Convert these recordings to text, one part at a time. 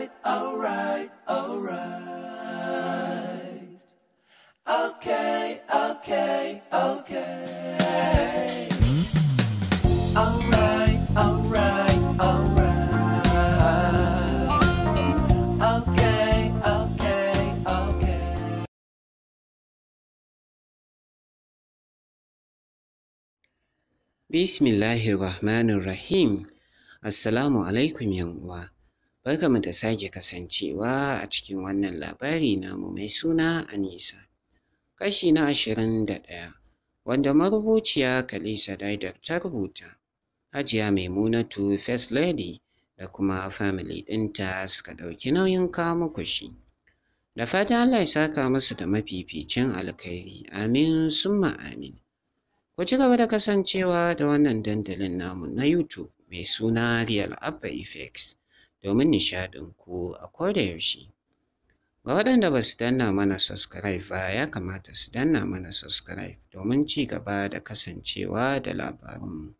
right, all right, all right. Okay, okay, okay. All right, all right, Bismillahirrahmanirrahim. Assalamu alaikum uwa. Barkamu da sake kasancewa a cikin wannan labari namu mai suna Anisa. Kashi na ashirin da ɗaya wanda marubuciya Kalisa Daidar ta rubuta. Hajiya Maimunatu First Lady da kuma family ɗinta suka ɗauki nauyin kawo muku shi. Da fatan Allah ya saka musu da mafificin alkhairi. Amin summa amin. Ku ci gaba da kasancewa da wannan dandalin namu na YouTube mai suna Real Abba Effects. domin nishaɗin ku a koda yaushe. Ga waɗanda ba su danna mana subscribe ba ya kamata su danna mana subscribe domin ci gaba da kasancewa da mu.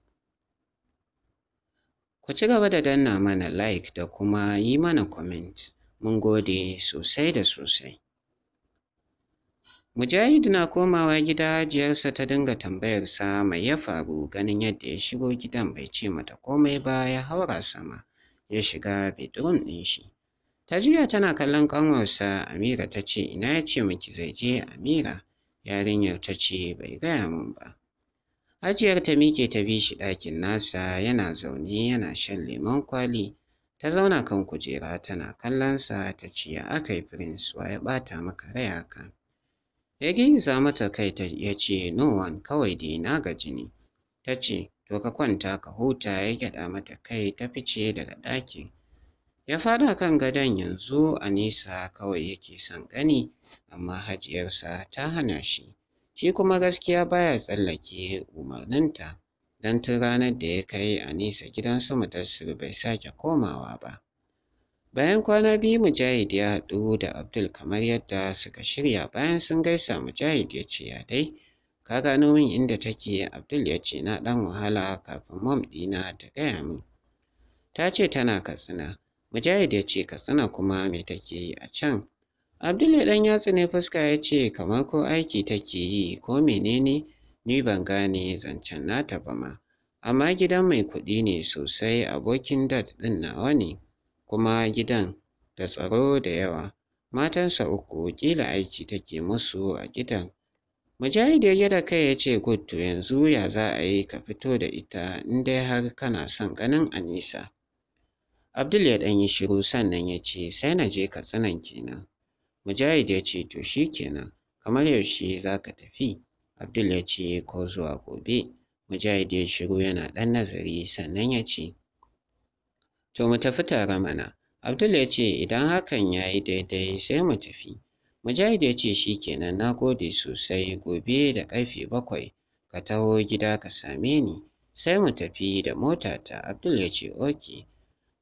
Ku ci gaba da danna mana like da kuma yi mana comment. Mun gode sosai da sosai. Mujahid na komawa gida ta dinga tambayarsa mai ya faru ganin yadda ya shigo gidan bai ce mata komai ba ya haura sama. ya shiga bedroom ɗin shi. Ta juya tana kallon ƙanwarsa Amira ta ce ina ya ce miki zai je Amira yarinyar ta ce bai gaya min ba. Hajiyar ta mike ta bi shi ɗakin nasa yana zaune yana shan lemon kwali. Ta zauna kan kujera tana kallonsa ta ce ya aka yi prince wa ya ɓata maka rai haka. Ya ginza mata kai ya ce no one kawai dai na gaji ne. Ta ce To ka kwanta ka huta ya gyada mata kai ta fice daga ɗakin. Ya fada kan gadon yanzu a nisa kawai yake son gani amma hajiyarsa ta hana shi. Shi kuma gaskiya baya tsallake umarninta Dan tun ranar da ya kai a nisa gidan su mutarsu bai sake komawa ba. Bayan kwana biyu Mujahid ya haɗu da Abdul kamar yadda suka shirya bayan sun gaisa Mujahid ya ce ya dai Ka gano min inda take Abdul ya ce na ɗan wahala kafin mom ɗina ta gaya min. Ta ce tana Katsina. Mujahid ya ce Katsina kuma me take yi a can. Abdul ya ɗan yatsu ne fuska ya ce kamar ko aiki take yi ko menene ni ban gane zancen nata ba ma. Amma gidan mai kuɗi ne sosai abokin dat ɗin nawa ne kuma gidan da tsaro da yawa. Matansa uku kila aiki take musu a gidan. Mujahid ya kai ya ce to yanzu ya za a yi ka fito da ita in dai har kana son ganin Anisa. Abdul ya ɗan yi shiru sannan ya ce sai na je ka tsanan kenan. Mujahid ya ce to shi kenan kamar yaushe za ka tafi. Abdul ya ce ko zuwa gobe. Mujahid ya shiru yana ɗan nazari sannan ya ce to mu tafi tare mana. Abdul ya ce idan hakan ya yi daidai sai mu tafi. Mujahid ya ce shi kenan na gode sosai gobe da karfe bakwai ka taho gida ka same ni sai mu tafi da motata Abdul ya ce oke.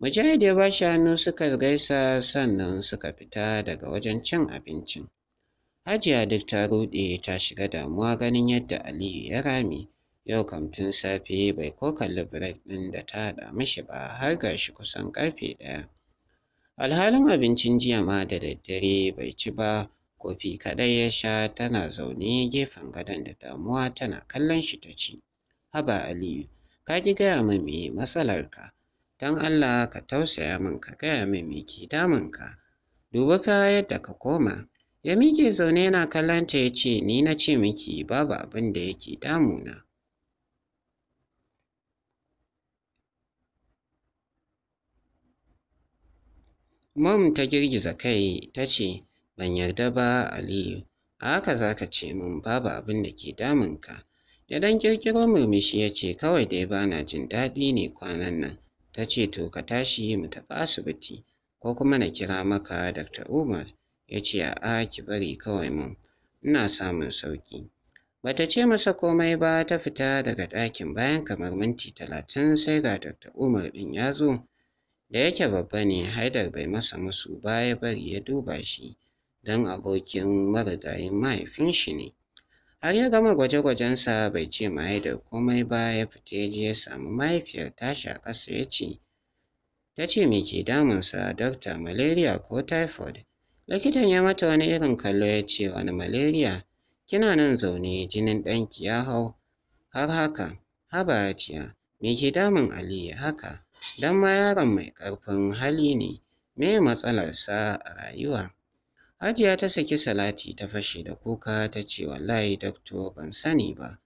Mujahid ya shi hannu suka gaisa sannan suka fita daga wajen cin abincin. Hajiya duk ta ruɗe ta shiga damuwa ganin yadda Aliyu ya rami. Yau kam safe bai ko kalli break ɗin da ta haɗa mishi ba har gashi kusan karfe ɗaya. alhalin abincin jiya ma da daddare bai ci ba kofi kaɗai ya sha tana zaune gefen gadon da damuwa tana kallon shi ta ci. haba aliyu ka ki gaya min me matsalarka don allah ka tausaya min ka gaya min me ke ka. duba fa yadda ka koma ya miƙe zaune yana kallon ta ya ce ni na ce miki babu abin da yake damuna Mom ta girgiza kai ta ce, Ban yarda ba Aliyu, a haka za ka ce min babu abin da ke damunka. Ya dan kirkiro murmushi ya ce kawai dai ba na jin daɗi ne kwanan nan. Ta ce to ka tashi mu tafi asibiti ko kuma na kira maka Dr. Umar. Ya ce a ki bari kawai mun ina samun sauƙi. Bata ce masa komai ba ta fita daga ɗakin bayan kamar minti talatin sai ga Dr. Umar ɗin ya zo Da yake babba ne, Haidar bai masa musu baya bari ya duba shi, don abokin marigayin mahaifin shi ne. Har ya gama gwaje-gwajensa bai ce ma Haidar komai ba ya fita ya je ya samu mahaifiyar tashi a ƙasa ya ce, ta ce me ke damunsa dokta malaria ko typhoid. Likitan ya mata wani irin kallo ya ce wani malaria, kina nan zaune jinin ɗanki ya hau, har haka, haba ciya Me ke damun Aliyu haka? dan ma yaron mai ƙarfin hali ne, me matsalarsa a rayuwa? Hajiya ta saki salati ta fashe da kuka ta ce wallahi dakto ban sani ba.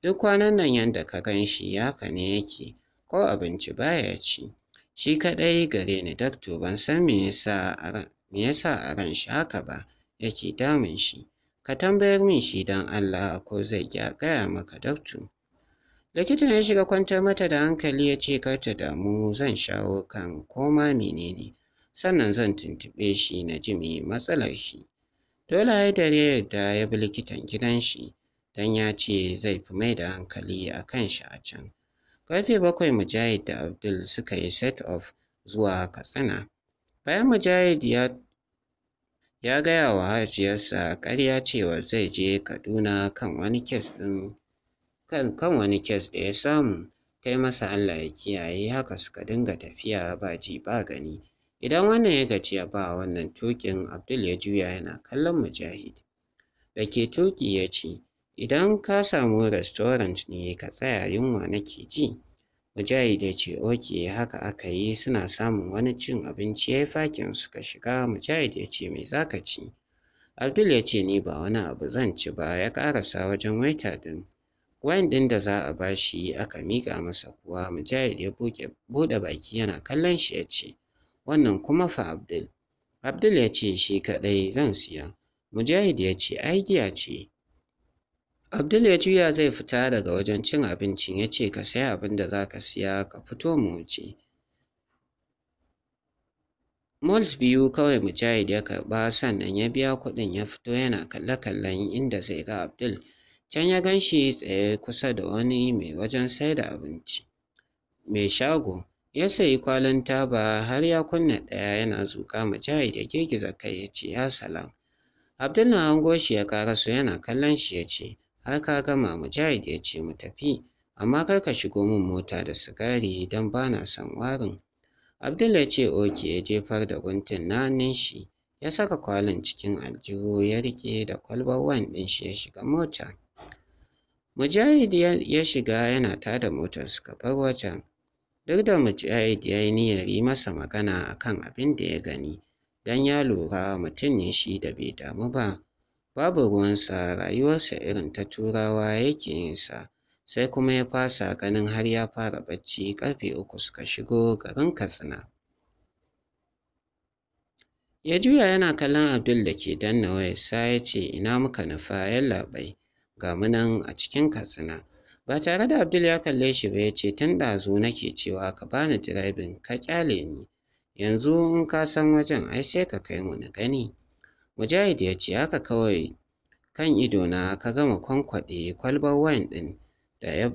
Duk kwanan nan yadda ka gan shi haka ne yake, ko abinci baya ci. Shi kaɗai gare ni dakto ban san me yasa a ran shi haka ba yake damun shi. Ka tambayar min shi don Allah ko zai gaya maka dakto! likitan ya shiga kwantar mata da hankali ya ce kar ta damu zan shawo kan koma menene sannan zan tuntuɓe shi na ji me matsalar shi dole haidar ya yarda ya bi likitan gidan shi don ya ce zai fi mai da hankali a kan shi a can Karfe bakwai Mujahid da Abdul suka yi set off zuwa Katsina. Bayan Mujahid ya, ya gaya wa hajiyarsa karya cewa zai je Kaduna kan wani kes ɗin kan kan wani kes da ya samu kai masa Allah ya kiyaye haka suka dinga tafiya ba ji ba gani idan wannan ya gaci ya ba wannan tuƙin Abdul ya juya yana kallon Mujahid da ke tuƙi ya ce idan ka samu restaurant ne ka tsaya yunwa nake ji Mujahid ya ce oke haka aka yi suna samun wani cin abinci ya yi fakin suka shiga Mujahid ya ce me zaka ci Abdul ya ce ni ba wani abu zan ci ba ya ƙarasa wajen waita din wayan ɗin da za a bashi aka miƙa masa kuwa mujahid ya buɗe baki yana kallon shi ya ce wannan kuma fa abdul abdul ya ce shi kaɗai zan siya mujahid ya ce ai giya ce abdul ya juya zai fita daga wajen cin abincin ya ce ka sai abin da za ka siya ka fito mu wuce Mols biyu kawai Mujahid ya karɓa sannan ya biya kuɗin ya fito yana kalle-kallen inda zai ga Abdul Can ya gan shi tsaye kusa da wani mai wajen sai da abinci. Mai shago ya sayi kwalin taba har ya kunna ɗaya yana zuƙa mujahid da girgiza kai ya ce ya salam. Abdul hango shi ya su yana kallon shi ya ce har ka gama mujahid ya ce mu tafi amma kar ka shigo min mota da sigari don ba na son warin. Abdul ya ce oke ya jefar da guntun nanin shi ya saka kwalin cikin aljihu ya riƙe da kwalbar wan ɗin shi ya shiga mota. Mujahid ya shiga yana tada motar suka bar wajen. Duk da Mujahid ya yi niyyar yi masa magana a kan abin da ya gani, don ya lura mutum ne shi da bai damu ba. Babu ruwansa rayuwarsa irin ta turawa yake yinsa, sai kuma ya fasa ganin har ya fara bacci karfe uku suka shigo garin Katsina. Ya juya yana kallon Abdul da ke danna sa ya ce ina muka nufa yallaɓai. ga mu nan a cikin katsina ba tare da abdul ya kalle shi ba ya ce tun ɗazu nake cewa ka bani direbin ka kyale ni yanzu in ka san wajen ai sai ka kai mu na gani mujahid ya ce haka kawai kan ido na ka gama kwankwaɗe kwalbar wayan ɗin da ya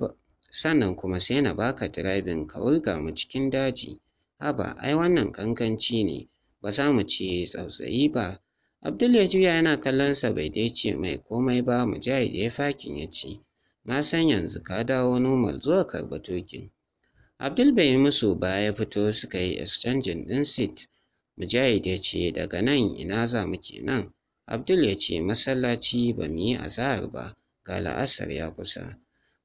sannan kuma sai na baka direbin ka wurga mu cikin daji haba ai wannan kankanci ne ba za mu ce tsautsayi ba Abdul ya juya yana kallonsa bai dai ce mai komai ba Mujahid ya fakin ya ce, Na san yanzu ka dawo normal zuwa karba tokin. Abdul bai yi musu ba ya fito suka yi exchanging ɗin seat. Mujahid ya ce daga nan ina za mu nan? Abdul ya ce masallaci ba mu yi azahar ba ga la'asar ya kusa.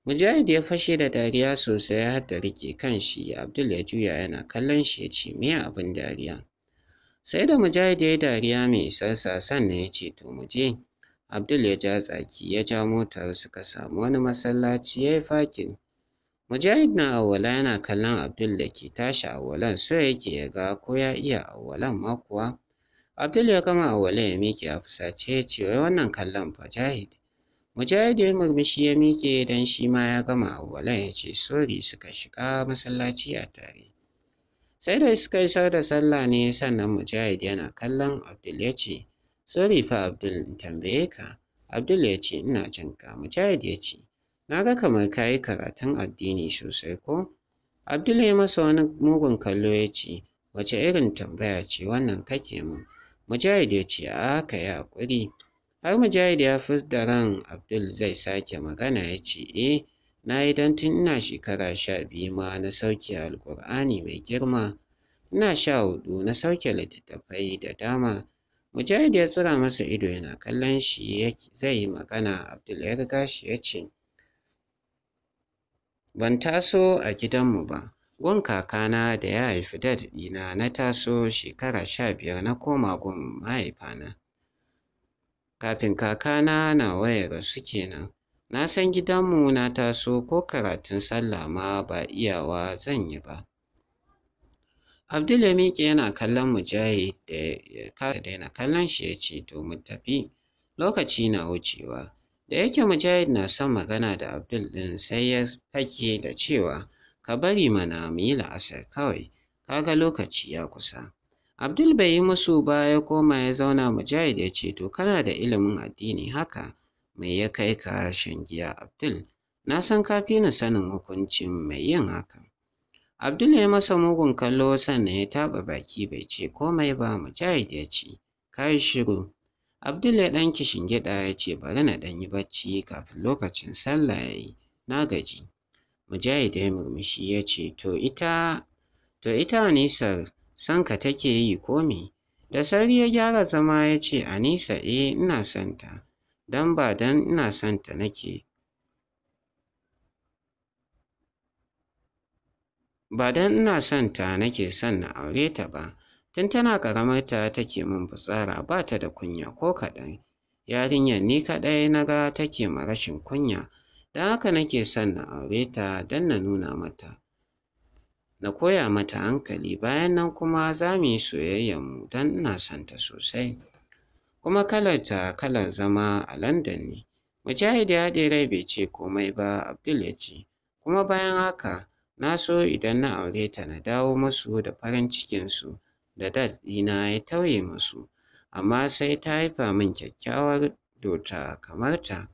Mujahid ya fashe da dariya sosai har da rike kan shi Abdul ya juya yana kallon shi ya ce me abin dariya. Sai da Mujahid ya dariya mai isarsa sannan ya ce to muje? Abdul ya ja tsaki ya ja motar suka samu wani masallaci ya yi fakin. Mujahid na awwala yana kallon Abdul da ke tashi awwalan so yake ya ga ko ya iya awwalan ma kuwa. Abdul ya gama awwala ya miƙe a fusace ya ce wai wannan kallon fa Jahid. Mujahid ya murmushi ya miƙe don shi ma ya gama awwalan ya ce sori suka shiga masallaci a tare. sai da suka isar da sallah ne sannan mujahid yana kallon abdul ya ce sorry fa abdul in tambaye ka abdul ya ce ina jin ka mujahid ya ce na ga kamar ka yi karatun addini sosai ko abdul ya masa wani mugun kallo ya ce wace irin tambaya ce wannan kake min mujahid ya ce a haka ya haƙuri har mujahid ya fi da ran abdul zai sake magana ya ce eh Na yi don tun ina shekara sha biyu ma na sauke Alƙur'ani mai girma, ina sha hudu na sauke littattafai da dama. Mujahid ya tsira masa ido yana kallon shi zai yi magana Abdul ya shi ya ce, Ban taso a gidanmu ba, gun kakana da ya haifi dad na taso shekara sha biyar na koma gun mahaifana. Kafin kakana na wayar suke nan. Na san gidanmu na taso ko karatun sallah ma ba iyawa zan yi ba. Abdul ya miƙe yana kallon Mujahid da ya kasa daina kallon shi ya ce to mu tafi lokaci na wucewa. Da yake Mujahid na son magana da Abdul din, sai ya fake da cewa ka bari mana mu yi la'asar kawai ka ga lokaci ya kusa. Abdul bai yi musu ba ya koma ya zauna Mujahid ya ce to kana da ilimin addini haka Me ya kai ka shan giya Abdul? Na san ka fi sanin hukuncin mai yin hakan. Abdul ya masa mugun kallo sannan ya taɓa baki bai ce komai ba Mujahid ya ce, ka yi shiru. Abdul ya ɗan kishingiɗa ya ce bari na ɗan yi bacci kafin lokacin sallah ya yi, na gaji. Mujahid ya murmushi ya ce to ita to ita Anisar sanka take yi ko Da sauri ya gyara zama ya ce Anisa eh ina son ta. don ba don ina son ta nake ba don ina son ta nake son na aure ta ba tun tana karamar ta take min fitsara ba ta da kunya ko kaɗan yarinyar ni kaɗai na ga take ma rashin kunya don haka nake son na aure ta don na nuna mata na koya mata hankali bayan nan kuma za mu yi soyayyarmu don ina son ta sosai kuma ta kalar zama a London ne. Mujahid ya haɗe rai bai ce komai ba Abdul ya ce, kuma bayan haka na so idan na aure ta na dawo musu da farin cikinsu da dadina ya tauye musu, amma sai ta haifa min kyakkyawar dota kamar ta.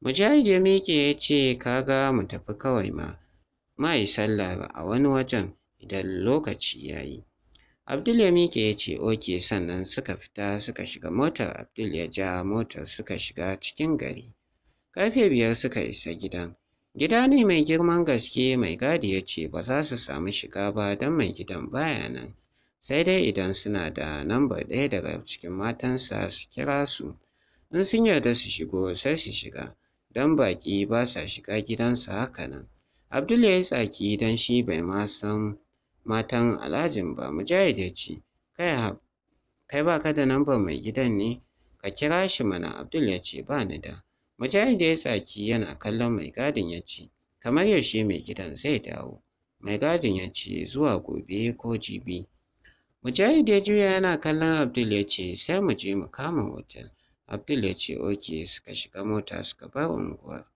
Mujahid ya miƙe ya ce ga mu tafi kawai ma, ma yi sallar a wani wajen idan lokaci ya yi. Abdul ya miƙe ya ce oke sannan suka fita suka shiga motar Abdul ya ja motar suka shiga cikin gari. Karfe biyar suka isa gidan. Gida ne mai girman gaske mai gadi ya ce ba za su samu shiga ba don mai gidan baya nan. Sai dai idan suna da lambar ɗaya daga cikin matansa su kira su. In sun yarda su shigo sai su shiga. Don baƙi ba sa shiga gidansa haka nan. Abdul ya yi tsaki don shi bai ma san Matan Alhajin ba Mujahid ce, kai hab, kai ba ka da namba mai gidan ne, ka kira shi mana Abdul ya ce ba da. Mujahid ya tsaki yana kallon mai gadin ya ce, kamar yaushe mai gidan zai dawo. Mai gadin ya ce zuwa gobe ko jibi. Mujahid ya juya yana kallon Abdul ya ce sai mu je mu kama hotel. Abdul ya ce oke suka shiga mota suka bar unguwar.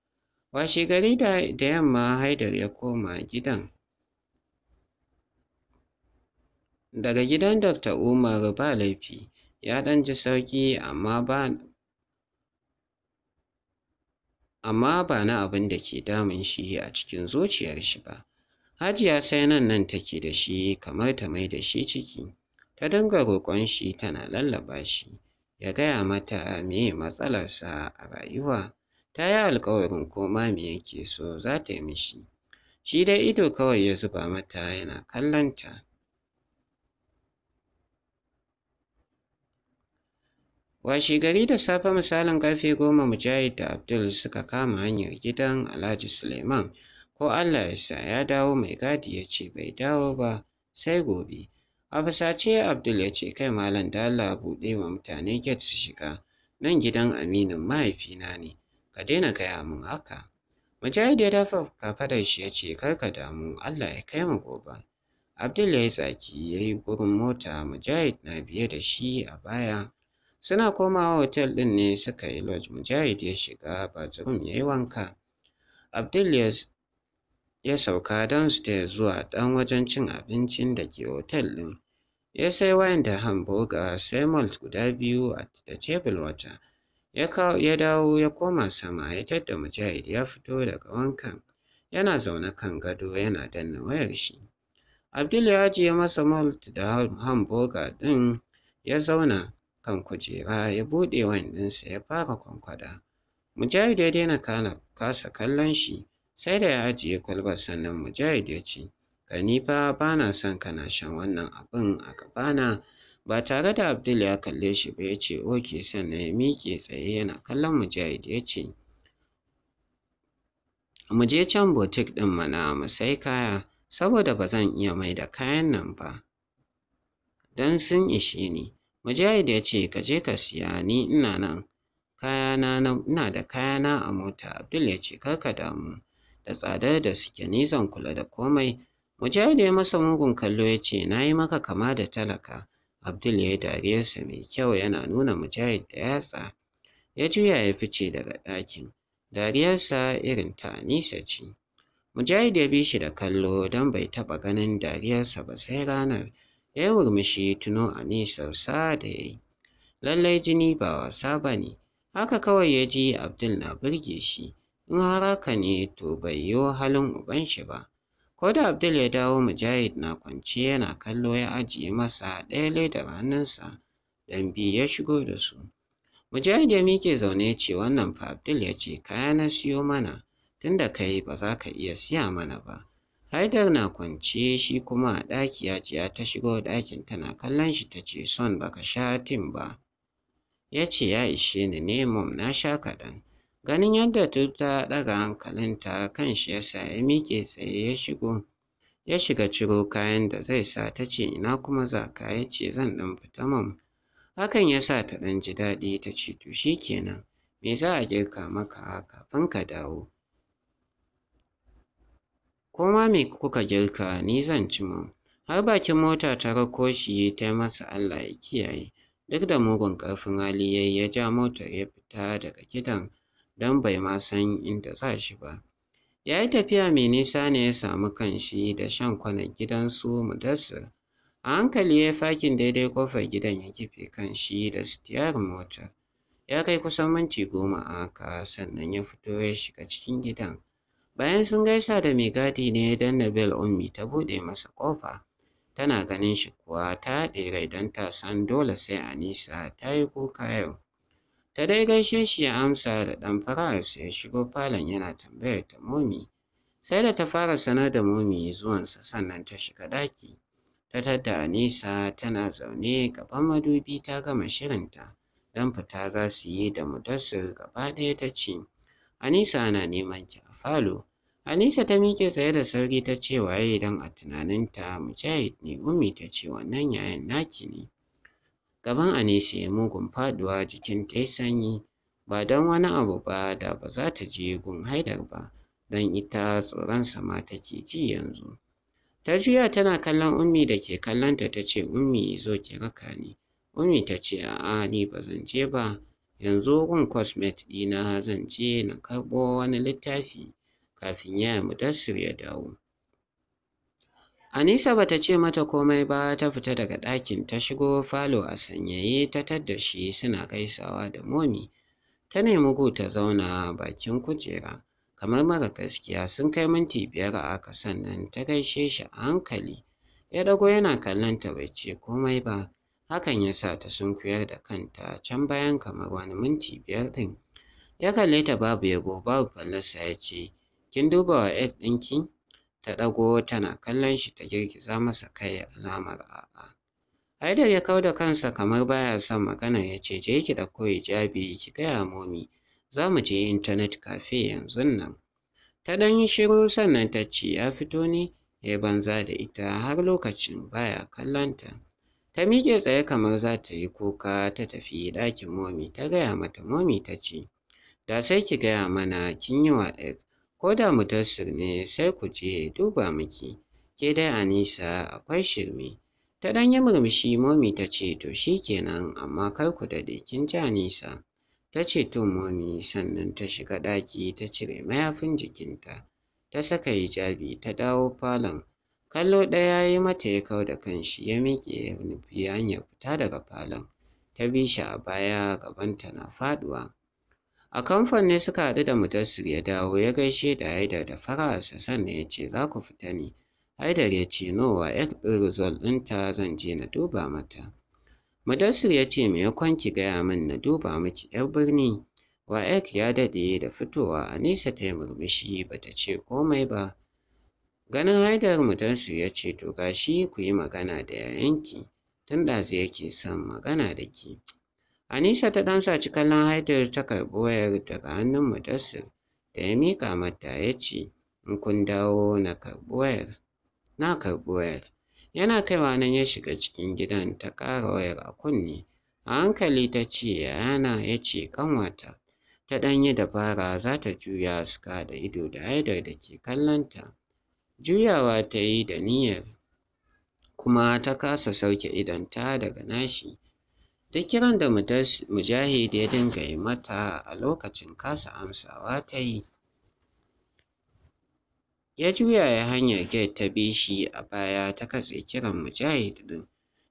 Washe gari da yamma Haidar ya koma gidan. Daga gidan Dr. Umar, ba laifi, ya ɗan ji sauƙi amma ba na abin da ke damun shi a cikin zuciyar shi ba. Hajiya sai nan nan take da shi kamar ta mai da shi ciki. Ta dinga roƙon shi tana lallaba shi, ya gaya mata me matsalarsa a rayuwa. Ta yi alƙawarin koma me yake so za ta yi mishi. Shi dai ido kawai ya zuba mata yana kallon ta. Washe gari da safe misalin karfe goma Mujahid da Abdul suka kama hanyar gidan Alhaji Suleiman ko Allah ya sa ya dawo mai gadi ya ce bai dawo ba sai gobe. A fasace Abdul ya ce kai malam da Allah buɗe wa mutane get su shiga nan gidan aminin mahaifina ne ka daina gaya min haka. Mujahid ya dafa kafadar shi ya ce kar ka damu Allah ya kai mu gobe. Abdul ya yi tsaki ya yi gurin mota Mujahid na biye da shi a baya. Suna komawa otel ɗin ne suka yi lodge Mujahid ya shiga bathroom ya yi wanka. Abdul ya sauka don su ta zuwa ɗan wajen cin abincin da ke otel ɗin. Ya sai wayan da hamburger sai malt guda biyu da table wata. Ya dawo ya koma sama ya tadda Mujahid ya fito daga wankan. Yana zaune kan gado yana danna wayar shi. Abdul ya ajiye masa malt da hamburger ɗin ya zauna kan kujera ya buɗe sa ya fara kwankwada. Mujahid ya daina kana kasa kallon shi sai da ya ajiye kwalbar sannan Mujahid ya ce, Ka ni fa ba na son kana shan wannan abin a gabana. Ba tare da Abdul ya kalle shi ba ya ce, Oke sannan ya miƙe tsaye yana kallon Mujahid ya ce, Mu je can botik ɗin mana mu sai kaya, saboda ba zan iya mai da kayan nan ba. Don sun ishe ni. Mujahid ya ce ka je ka siya ni ina nan kayana ina da kayana a mota Abdul ya ce kar ka damu da tsadar da suke ni kula da komai Mujahid ya masa mugun kallo ya ce na yi maka kama da talaka Abdul ya yi dariyarsa mai kyau yana nuna Mujahid da yatsa ya juya ya fice daga ɗakin dariyarsa irin ta nisa ce Mujahid ya bi shi da kallo don bai taɓa ganin dariyarsa ba sai ranar ya murmushi tuno sa da ya yi. Lallai jini ba wasa ba ne, haka kawai ya ji Abdul na birge shi, in har haka ne to bai yi halin uban shi ba. Ko da Abdul ya dawo Mujahid na kwance yana kallo ya ajiye masa ɗaya ledar hannunsa, don biyu ya shigo da su. Mujahid ya miƙe zaune ce wannan fa Abdul ya ce kaya na siyo mana, tunda kai ba za ka iya siya mana ba. Haidar na kwance shi kuma a ɗaki ya ce ya ta shigo ɗakin tana kallon shi ta ce son baka sha tin ba. Ya ce ya ishe ni ne mom na sha kaɗan. Ganin yadda tuta ɗaga hankalinta kan shi ya sa ya miƙe tsaye ya shigo. Ya shiga ciro kayan da zai sa ta ce ina kuma za ka ya ce zan ɗan fita mom. Hakan ya sa ta ɗan ji daɗi ta ce to shi kenan me za a girka maka kafin ka dawo. ko ma me kuka girka ni zan ci ma. Har bakin mota ta rako shi ta masa Allah ya kiyaye. Duk da mugun ƙarfin hali yayi ya ja motar ya fita daga gidan don bai ma san inda za shi ba. Ya yi tafiya mai nisa ne ya samu kanshi da shan kwanan gidansu Mudassir. A hankali ya fakin daidai kofar gidan ya kife kanshi da sitiyar motar. Ya kai kusan minti goma a haka sannan ya fito ya shiga cikin gidan. Bayan sun gaisa da mai gadi ne don na bel ummi ta buɗe masa ƙofa. Tana ganin shi kuwa ta haɗe rai don ta san dole sai Anisa ta yi kuka yau. Ta dai gaishe shi ya amsa da ɗan sai ya shigo falon yana tambayar ta momi. Sai da ta fara sanar da momi zuwansa sannan ta shiga ɗaki. Ta tadda Anisa tana zaune gaban madubi ta gama shirinta don fita za su yi da mudassir gaba ɗaya ta ce. Anisa ana neman ki a falo. Anisa ta miƙe tsaye da sauri ta ce waye idan a tunaninta Mujahid ne Ummi ta ce wannan yayan naki ne. Gaban Anisa ya mugun faduwa jikin ta yi sanyi ba don wani abu ba da ba za ta je gun haidar ba don ita tsoronsa ma take ji yanzu. Ta juya tana kallon Ummi da ke kallonta ta ce Ummi zo ki raka ni. Ummi ta ce a'a ni ba zan je ba yanzu gun cosmet ɗina zan je na karɓo wani littafi kafin ya mu mudassir ya dawo Anisa bata ce mata komai ba ta fita daga ɗakin ta shigo falo a sanyaye ta tadda shi suna gaisawa da momi ta nemi gu ta zauna bakin kujera kamar mara gaskiya sun kai minti biyar a sannan ta gaishe shi a hankali ya dago yana kallon ta bai ce komai ba Hakan ya sa ta sunkuyar da kanta can bayan kamar wani minti biyar ɗin. Ya kalle ta babu yabo babu fallasa ya ce, Kin duba wa ɗin ɗinki? Ta ɗago tana kallon shi ta girgiza masa kai alamar a'a. Haidar ya kau da kansa kamar baya son magana ya ce, Je ki ɗauko hijabi ki gaya momi, za mu je intanet cafe yanzu nan. Ta ɗan yi shiru sannan ta ce, Ya fito ne? Ya banza da ita har lokacin baya kallonta. ta miƙe tsaye kamar za ta yi kuka ta tafi ɗakin momi ta gaya mata momi ta ce da sai ki gaya mana kin yi wa ɗaya ko da mu ne sai ku je duba miki ke dai anisa akwai shirme ta ɗan yi murmushi momi ta ce to shi kenan amma kar ku daɗe kin ji anisa ta ce to momi sannan ta shiga ɗaki ta cire mayafin jikinta ta saka hijabi ta dawo falon Kallo ɗaya ya yi mata ya kau da kanshi ya miƙe ya nufi hanyar fita daga falon. Ta bi shi a baya gabanta na faɗuwa. A kamfan ne suka haɗu da mutassir ya dawo ya gaishe da Haidar da fara'arsa sannan ya ce za ku fita ne. Haidar ya ce nowa ya ɗin result ɗinta zan je na duba mata. Mudassir ya ce me ya kwanki gaya min na duba miki 'yar birni. Wa'ek ya daɗe da fitowa Anisa ta yi murmushi ba ta ce komai ba. Ganin haidar mutarsu ya ce to gashi ku yi magana da yayanki tun ɗazu yake son magana da ke. Anisa ta ɗan saci kallon haidar ta karɓi wayar daga hannun mutarsu da ya miƙa mata ya ce in kun dawo na karɓi wayar. Na karɓi wayar. Yana kaiwa nan ya shiga cikin gidan ta ƙara wayar a kunne. A hankali ta ce yana ya ce ƙanwata. Ta ɗan dabara za ta juya suka da ido da haidar da ke kallonta. Juyawa ta yi da niyyar kuma ta kasa sauke ta daga nashi. da kiran da Mujahid ya dinga yi mata a lokacin kasa amsawa ta yi. Ya juya ya hanyar gate ta bi shi a baya ta katse kiran Mujahid ɗin.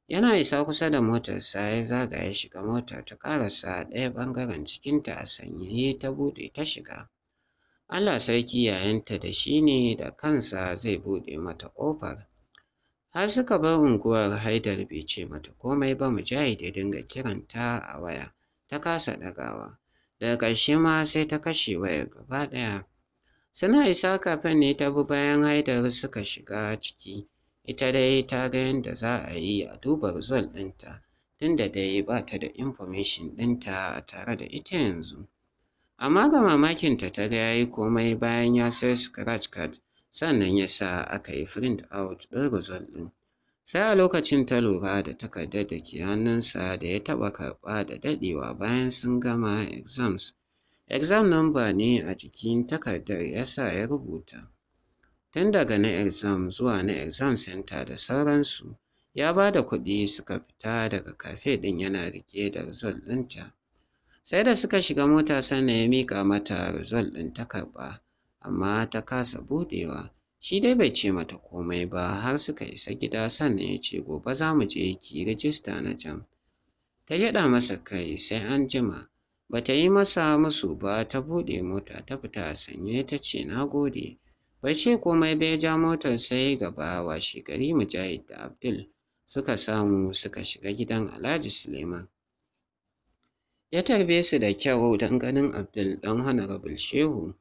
Yana isa kusa da motarsa ya zaga shiga motar ta karasa ɗaya ɓangaren cikinta a sanyaye ta buɗe ta shiga. Allah sarki yayanta da shi ne da kansa zai buɗe mata ƙofar. Har suka bar unguwar Haidar bai ce mata komai ba Mujahid ya dinga kiranta a waya, ta kasa ɗagawa. Daga ƙarshe ma sai ta kashe wayar gaba ɗaya. Suna isa kafin ne ta bi bayan Haidar suka shiga ciki, ita dai ta ga yadda za a yi a duba result ɗinta, tunda dai ba ta da information ɗinta tare da ita yanzu. Amma ga mamakinta ta ga ya yi komai bayan ya sai scratch card sannan ya sa aka yi print out ɗin result ɗin. Sai a lokacin ta lura da takardar da ke hannunsa da ya taɓa karɓa da daɗewa bayan sun gama exams. Exam number ne a jikin takardar ya sa ya rubuta. Tun daga na exam zuwa na exam center da sauransu, ya ba da kuɗi suka fita daga kafe ɗin yana riƙe da result ɗinta. sai da suka shiga mota sannan ya mika mata rizal ɗin ta karɓa amma ta kasa buɗewa shi dai bai ce mata komai ba har suka isa gida sannan ya ce gobe za mu je ki rijista na jam ta gyaɗa masa kai sai an jima ba ta yi masa musu ba ta buɗe mota ta fita a sanye ta ce na gode bai ce komai bai ja motar sai gaba washe gari mujahid da abdul suka samu suka shiga gidan alhaji suleiman ya tarbe su da kyau don ganin Abdul ɗan rabul Shehu.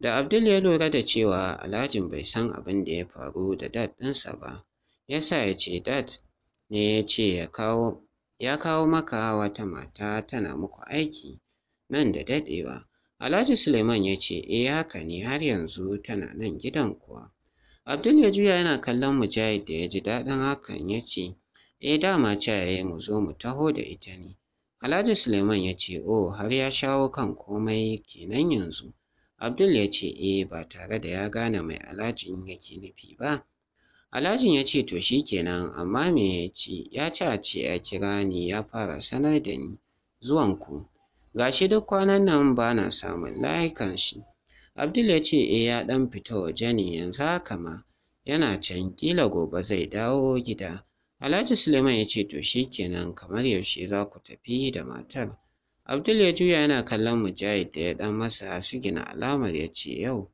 Da Abdul ya lura da cewa Alhajin bai san abin da ya faru da dad ɗinsa ba, ya sa ya ce dad ne ya ce ya kawo maka wata mata tana muku aiki nan da daɗewa. Alhaji Suleiman ya ce e haka ne har yanzu tana nan gidan kuwa. Abdul ya juya yana kallon Mujahid da ya ji daɗin hakan ya ce e dama cayaye mu zo mu taho da ita ne. Alhaji Suleiman ya ce, "Oh, har ya shawo kan komai kenan yanzu." Abdul ya ce, "Eh, ba tare da ya gane mai alhajin yake nufi ba." Alhajin ya ce, "To shi kenan, amma me ya ce, ya ce a ce ya kira ni ya fara sanar da ni zuwanku. Gashi duk kwanan nan ba na samun layukan shi." Abdul ya ce, "Eh, ya ɗan fito waje ne yanzu haka ma, yana can kila gobe zai dawo gida." Alhaji Suleiman ya ce to shi kenan kamar yaushe za ku tafi da matar. Abdul ya juya yana kallon Mujahid da ya ɗan masa sigina alamar ya ce yau.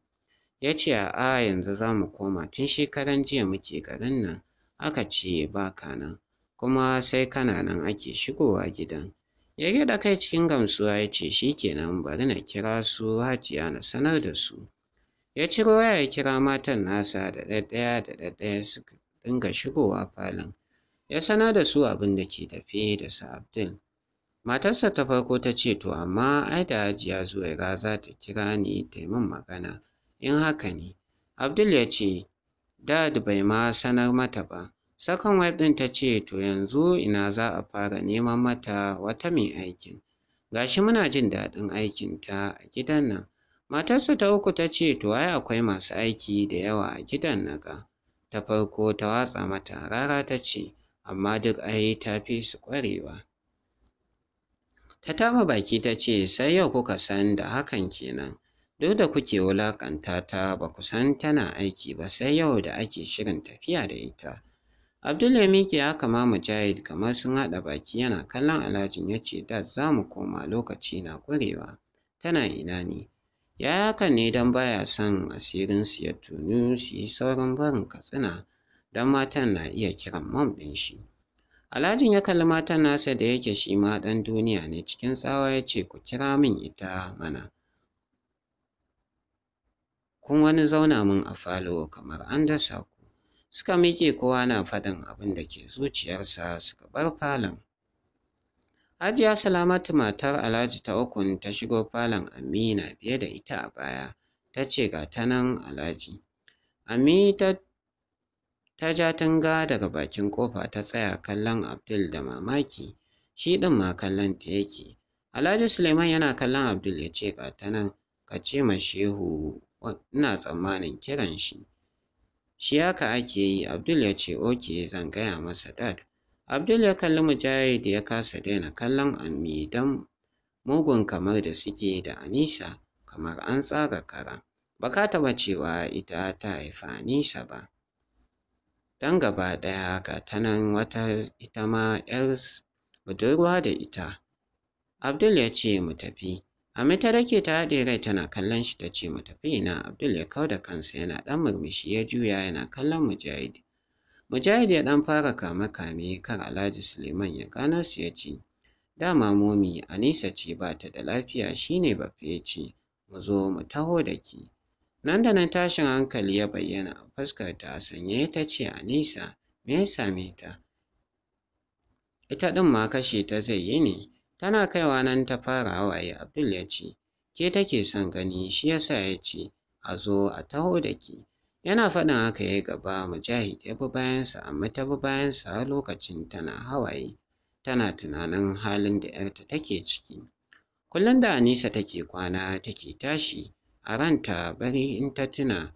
Ya ce a'a yanzu za mu koma tun shekaran jiya muke garin nan aka ce ba ka nan kuma sai kana nan ake shigowa gidan. Ya gida kai cikin gamsuwa ya ce shi kenan bari na kira su Hajiya na sanar da su. Ya ciro waya ya kira matan nasa da ɗaya da ɗaya suka dinga shigowa falon. ya sana da su abin da ke tafe da su Abdul. Matarsa ta farko ta ce to amma ai da hajiya Zuwaira za ta kira ni ta yi min magana in haka ne. Abdul ya ce Dad bai ma sanar mata ba. Sakan wife ɗin ta ce to yanzu ina za a fara neman mata wata mai aikin. Gashi muna jin daɗin aikinta a gidan nan. Matarsa ta uku ta ce to ai akwai masu aiki da yawa a gidan naga. Ta farko ta watsa mata rara ta ce amma duk ai ta fi su kwarewa. Ta tama baki ta ce sai yau kuka san da hakan kenan, duk da kuke wulaƙanta ta ba ku san tana aiki ba sai yau da ake shirin tafiya da ita. Abdul ya miƙe haka ma Mujahid kamar sun haɗa baki yana kallon Alhajin ya ce da za mu koma lokaci na kwarewa, tana ina ne. Ya hakan ne don baya son asirin su ya tunu su yi saurin barin katsina. don matan na iya kiran mom ɗin shi. Alhajin ya kalli matan nasa da yake shi ma ɗan duniya ne cikin tsawa ya ce ku kira min ita mana. Kun wani zauna min a falo kamar an dasa ku. Suka miƙe kowa na faɗin abin da ke zuciyarsa suka bar falon. Hajiya Salamatu matar Alhaji ta ukun ta shigo falon Amina biye da ita a baya, ta ce ga ta nan Alhaji. Ami ta ta ja tunga daga bakin kofa ta tsaya kallon Abdul da mamaki, shi ɗin ma kallon ta yake. Alhaji Suleiman yana kallon Abdul ya ce ta nan ka ce ma shehu ina tsammanin kiran shi. Shi haka ake yi Abdul ya ce oke zan gaya masa dad. Abdul ya kalli Mujahid ya kasa daina kallon ammi dan mugun kamar da suke da Anisa kamar an tsaga kara. Baka taɓa cewa ita ta haifa Anisa ba. don gaba ɗaya ga ta nan wata ita ma 'yar budurwa da ita. Abdul ya ce mu tafi. Ami ta ta haɗe rai tana kallon shi ta ce mu tafi ina Abdul ya kau da kansa yana ɗan murmushi ya juya yana kallon Mujahid. Mujahid ya ɗan fara kame-kame kan Alhaji Suleiman ya gano su ya ce dama momi Anisa ce ba ta da lafiya shine bafe ya ce mu zo mu taho da ki. Nan da nan tashin hankali ya bayyana a fuskarta a sanye ta ce a nisa me ya same ta? Ita ɗin ma kashe ta zai yi ne, tana kaiwa nan ta fara hawaye Abdul ya ce, ke take son gani shi yasa ya ce a zo a taho da ke. Yana faɗin haka ya gaba Mujahid ya bi bayansa amma ta bi bayansa a lokacin tana hawaye, tana tunanin halin da ‘yarta take ciki. Kullum da Anisa take kwana take tashi a ranta bari in ta tuna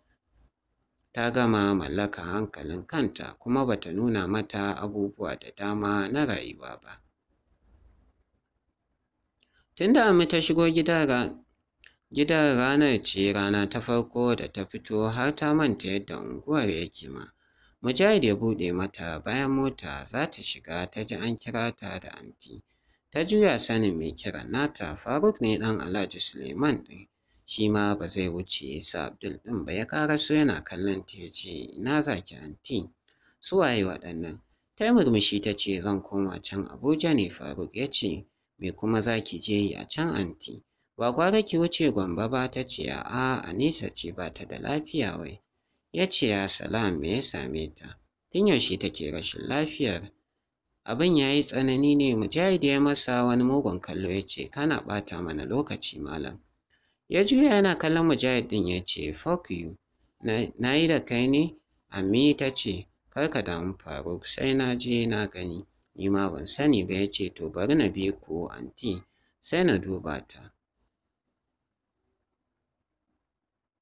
ta gama mallaka hankalin kanta kuma bata nuna mata abubuwa da dama na rayuwa ba. Tun da ta shigo gidan ranar ce rana ta farko da ta fito har ta manta yadda unguwar yake ma. Mujahid ya buɗe mata bayan mota za ta shiga ta ji an kira ta da anti. Ta juya sanin mai kiran nata Faruk ne ɗan Alhaji Suleiman ɗin. shi ma ba zai wuce sa Abdul ɗin ba ya so yana kallon ta ya ce ina zaki anti su waye waɗannan ta murmushi ta ce zan koma can Abuja ne Faruk ya ce me kuma zaki je yi a can anti ba gwara ki wuce Gombe ba ta ce a Anisa ce ba ta da lafiya wai ya ce ya ah, salam me ya same ta tun yaushe take rashin lafiyar abin ya yi tsanani ne mujahid ya masa wani mugun kallo ya ce kana ɓata mana lokaci malam Ya juya yana kallon Mujahid ɗin ya ce, Fuck you, na yi da kai ne? Ammi ta ce, Kar ka damu Faruk, sai na je na gani. Ni ma ban sani ba ya ce, To bari na bi ko anti, sai na duba ta.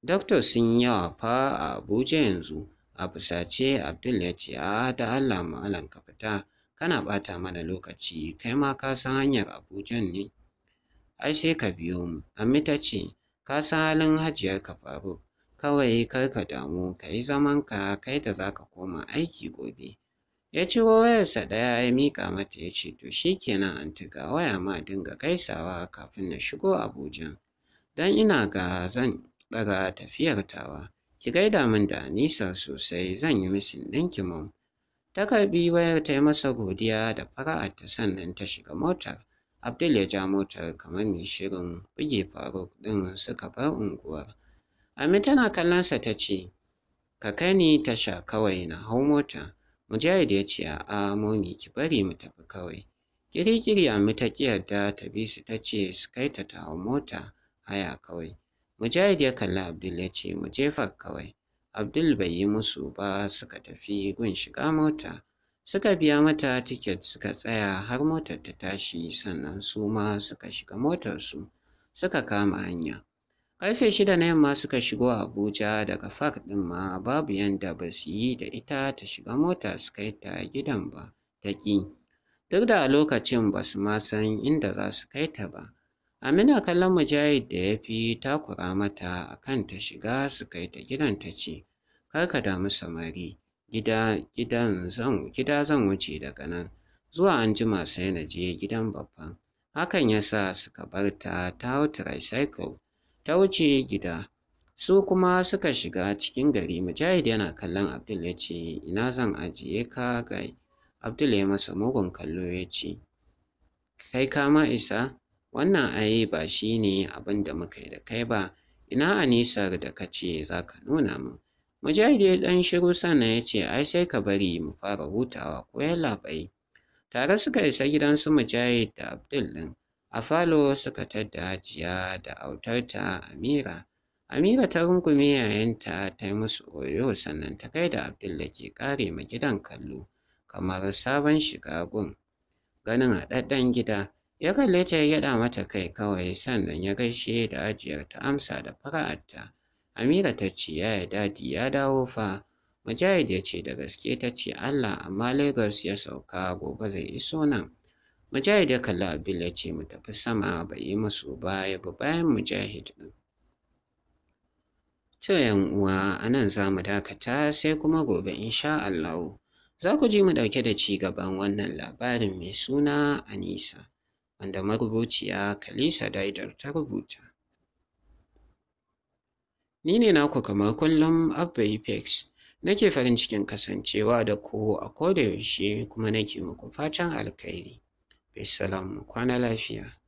Doktor sun yawa fa a Abuja yanzu, a fusace Abdul ya ce, A da Allah malam ka fita, kana bata mana lokaci, kai ma ka san hanyar Abuja ne. Ai sai ka biyo mu, Ammi ta ce, Ka san halin hajiyarka ka faru. Kawai kar ka damu ka yi zamanka kai da za ka koma aiki gobe. Ya ciro wayarsa ɗaya ya miƙa mata ya ce to shi kenan anti ga waya ma dinga gaisawa kafin na shigo Abuja. Don ina ga zan ɗaga tafiyar tawa. Ki gaida min da Anisa sosai zan yi misin ɗinki mom. Ta karɓi wayar ta yi masa godiya da fara'ar ta sannan ta shiga motar. Abdul ya ja motar kamar mai shirin buge Faruk ɗin suka bar unguwar. Ami tana kallonsa ta ce, Ka kai ni tasha kawai na hau mota. Mujahid ya ce, A'a momi ki bari mu tafi kawai. Kirikiri Ami ta ƙi yarda ta bi su ta ce su kai ta ta hau mota haya kawai. Mujahid ya kalli Abdul ya ce, Mu jefa kawai. Abdul bai yi musu ba suka tafi gun shiga mota. Suka biya mata tiket suka tsaya har motar ta tashi sannan su ma suka shiga motarsu suka kama hanya. Karfe shida na yamma suka shigo Abuja daga fak ɗin ma babu yadda ba su yi da ita ta shiga mota su kai ta gidan ba ta ƙi. Duk da a lokacin ba su ma san inda za su kai ta ba. Amina kallon Mujahid da ya fi takura mata a kan ta shiga su kai ta gidan ta ce, Kar ka damu samari, gida zan wuce daga nan zuwa anjima sai na je gidan babban hakan ya sa suka bar ta ta hau tricycle ta wuce gida su kuma suka shiga cikin gari mujahid yana kallon abdul ya ce ina zan ajiye ka ga abdul ya masa mugun kallo ya ce kai kama isa wannan ai ba shi ne abin da muka yi da kai ba ina anisar da ka ce za ka nuna min Mujahid ya ɗan shiru sannan ya ce ai sai ka bari mu fara hutawa ko labai. Tare suka isa gidan su Mujahid da Abdul ɗin. A falo suka tadda Hajiya da autarta Amira. Amira ta rungume yayanta ta yi musu oyo sannan ta kai da Abdul da ke ƙare ma gidan kallo kamar sabon shiga gun. Ganin a haɗaɗɗen gida ya kalle ta ya gyaɗa mata kai kawai sannan ya gaishe da ajiyar ta amsa da fara'arta. Amira ta ce yaya dadi ya dawo fa. Mujahid ya ce da gaske ta ce Allah amma Lagos ya sauka gobe zai iso nan. Mujahid ya kalli Abil ya ce mu tafi sama bai yi musu ba ya bi bayan Mujahid ɗin. To yan uwa a nan za mu dakata sai kuma gobe insha Allah za ku ji mu ɗauke da ci gaban wannan labarin mai suna Anisa wanda marubuciya Kalisa Daidar ta rubuta. Ni ne naku kamar kullum Abba Apex. Nake farin cikin kasancewa da ku a kodayaushe yaushe kuma nake muku fatan alkhairi. Bisalam kwana lafiya.